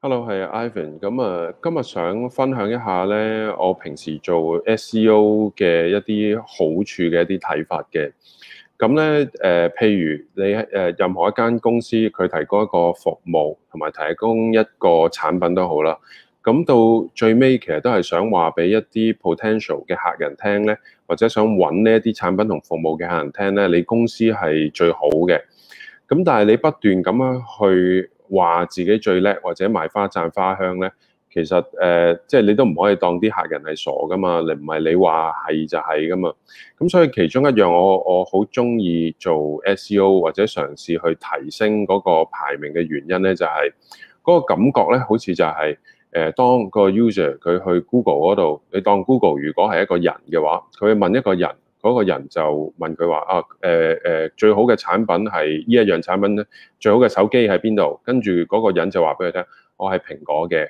Hello，係 Ivan。咁啊，今日想分享一下咧，我平時做 SEO 嘅一啲好處嘅一啲睇法嘅。咁咧，誒，譬如你喺誒，任何一間公司，佢提供一個服務，同埋提供一個產品都好啦。咁到最尾，其實都係想話俾一啲 potential 嘅客人聽咧，或者想搵呢一啲產品同服務嘅客人聽咧，你公司係最好嘅。咁但係你不斷咁樣去。話自己最叻或者賣花讚花香咧，其實誒，即、呃、係、就是、你都唔可以當啲客人係傻噶嘛，你唔係你話係就係噶嘛。咁所以其中一樣我我好中意做 SEO 或者嘗試去提升嗰個排名嘅原因咧，就係、是、嗰個感覺咧，好似就係、是、誒、呃，當個 user 佢去 Google 嗰度，你當 Google 如果係一個人嘅話，佢去問一個人。嗰個人就問佢話：啊，誒、呃、誒，最好嘅產品係呢一樣產品咧，最好嘅手機喺邊度？跟住嗰個人就話俾佢聽：我係蘋果嘅，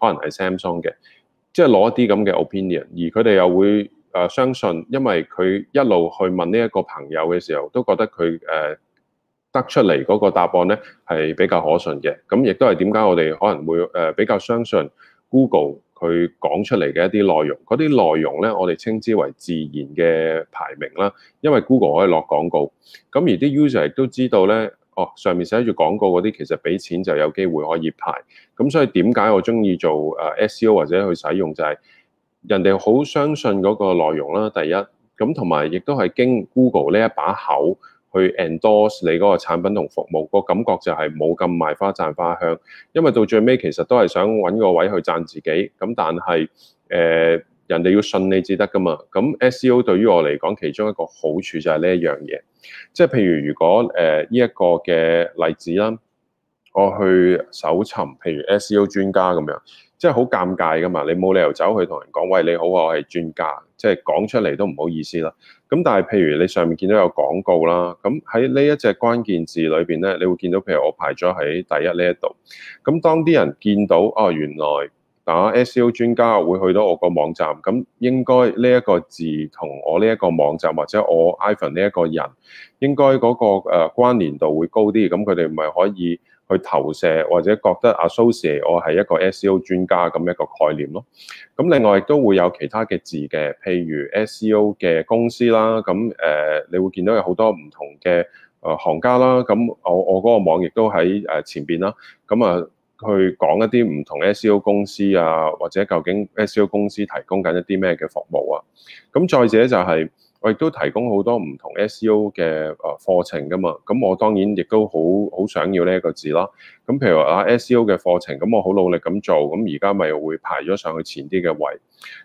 可能係 Samsung 嘅，即係攞一啲咁嘅 opinion。而佢哋又會誒相信，因為佢一路去問呢一個朋友嘅時候，都覺得佢誒得出嚟嗰個答案咧係比較可信嘅。咁亦都係點解我哋可能會誒比較相信 Google 去講出嚟嘅一啲內容，嗰啲內容呢，我哋稱之為自然嘅排名啦。因為 Google 可以落廣告，咁而啲 user 都知道呢，哦，上面寫住廣告嗰啲，其實俾錢就有機會可以排。咁所以點解我中意做誒 SEO 或者去使用就係、是、人哋好相信嗰個內容啦。第一，咁同埋亦都係經 Google 呢一把口。去 endorse 你嗰個產品同服務，個感覺就係冇咁賣花讚花香，因為到最尾其實都係想揾個位去讚自己。咁但係誒、呃、人哋要信你至得噶嘛。咁 SEO 對於我嚟講，其中一個好處就係呢一樣嘢，即係譬如如果誒呢一個嘅例子啦。我、哦、去搜尋，譬如 SEO 專家咁樣，即係好尷尬噶嘛。你冇理由走去同人講，喂，你好，我係專家，即係講出嚟都唔好意思啦。咁但係，譬如你上面見到有廣告啦，咁喺呢一隻關鍵字裏邊咧，你會見到譬如我排咗喺第一呢一度。咁當啲人見到哦，原來打 SEO 專家會去到我，網個，我個網站，咁應該呢一個字同我呢一個網站或者我 Ivan 呢一個人應該嗰個誒關聯度會高啲，咁佢哋咪可以。去投射或者覺得阿蘇 Sir 我係一個 SEO 專家咁一個概念咯。咁另外亦都會有其他嘅字嘅，譬如 SEO 嘅公司啦。咁誒、呃，你會見到有好多唔同嘅誒、呃、行家啦。咁我我嗰個網亦都喺誒前邊啦。咁啊、呃，去講一啲唔同 SEO 公司啊，或者究竟 SEO 公司提供緊一啲咩嘅服務啊？咁再者就係、是。我亦都提供好多唔同 SEO 嘅誒課程㗎嘛，咁我當然亦都好好想要呢一個字啦。咁譬如話啊，SEO 嘅課程，咁我好努力咁做，咁而家咪會排咗上去前啲嘅位。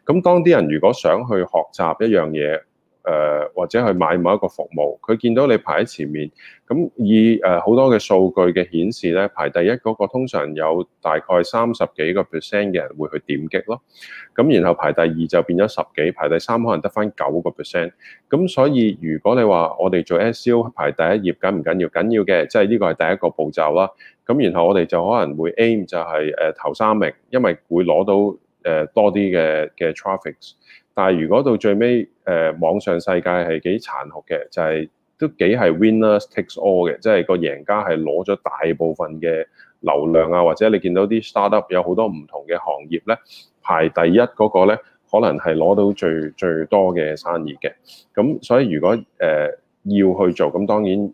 咁當啲人如果想去學習一樣嘢。誒或者去買某一個服務，佢見到你排喺前面，咁以誒好多嘅數據嘅顯示咧，排第一嗰個通常有大概三十幾個 percent 嘅人會去點擊咯，咁然後排第二就變咗十幾，排第三可能得返九個 percent，咁所以如果你話我哋做 SEO 排第一頁緊唔緊要？緊要嘅，即係呢個係第一個步驟啦。咁然後我哋就可能會 aim 就係誒頭三名，因為會攞到誒多啲嘅嘅 traffics。但係如果到最尾，誒、呃、網上世界係幾殘酷嘅，就係、是、都幾係 winner takes all 嘅，即、就、係、是、個贏家係攞咗大部分嘅流量啊，或者你見到啲 startup 有好多唔同嘅行業咧，排第一嗰個咧，可能係攞到最最多嘅生意嘅。咁所以如果誒、呃、要去做，咁當然。